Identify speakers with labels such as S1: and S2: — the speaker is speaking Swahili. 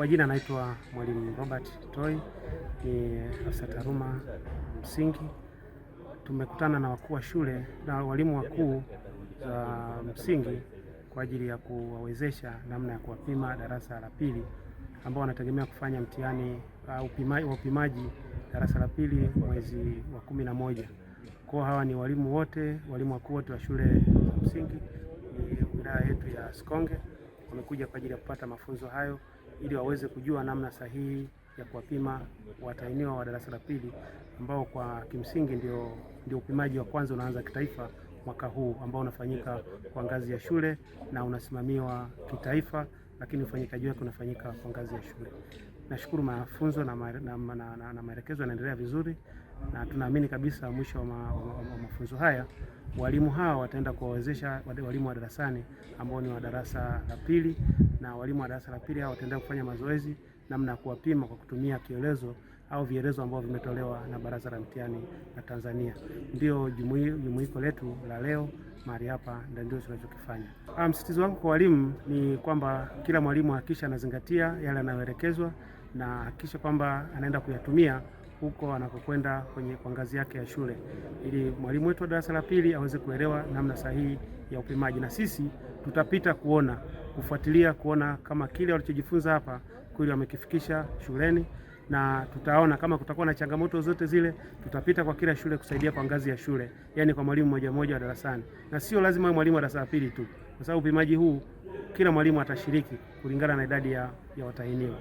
S1: Kwa jina naitwa Mwalimu Robert Toi, ni afisa taaluma msingi. Tumekutana na wakuu wa shule na walimu wakuu za msingi kwa ajili ya kuwawezesha namna ya kuwapima darasa la pili ambao wanategemea kufanya mtihani uh, wa uh, upimaji, darasa la pili mwezi wa kumi na moja. Kwa hawa ni walimu wote, walimu wakuu wote wa shule za msingi wilaya yetu ya Sikonge wamekuja kwa ajili ya kupata mafunzo hayo ili waweze kujua namna sahihi ya kuwapima watahiniwa wa darasa la pili ambao kwa kimsingi ndio, ndio upimaji wa kwanza unaanza kitaifa mwaka huu ambao unafanyika kwa ngazi ya shule na unasimamiwa kitaifa, lakini ufanyikaji wake unafanyika kwa ngazi ya shule. Nashukuru mafunzo na, na, na, na, na maelekezo yanaendelea vizuri na tunaamini kabisa mwisho wa mafunzo haya Walimu hawa wataenda kuwawezesha walimu wa darasani ambao ni wa darasa la pili, na walimu wa darasa la pili hawa wataenda kufanya mazoezi namna ya kuwapima kwa kutumia kielezo au vielezo ambavyo vimetolewa na Baraza la Mtihani la Tanzania. Ndio jumuiko letu la leo mahali hapa, ndio tunachokifanya. Ah, Msitizo wangu kwa walimu ni kwamba kila mwalimu hakisha anazingatia yale anayoelekezwa na hakikisha kwamba anaenda kuyatumia huko anakokwenda kwenye kwa ngazi yake ya shule, ili mwalimu wetu wa darasa la pili aweze kuelewa namna sahihi ya upimaji, na sisi tutapita kuona, kufuatilia kuona kama kile walichojifunza hapa kweli wamekifikisha shuleni na tutaona kama kutakuwa na changamoto zote zile, tutapita kwa kila shule kusaidia kwa ngazi ya shule, yani kwa mwalimu moja moja wa darasani, na sio lazima mwalimu wa darasa la pili tu, kwa sababu upimaji huu kila mwalimu atashiriki kulingana na idadi ya, ya watahiniwa.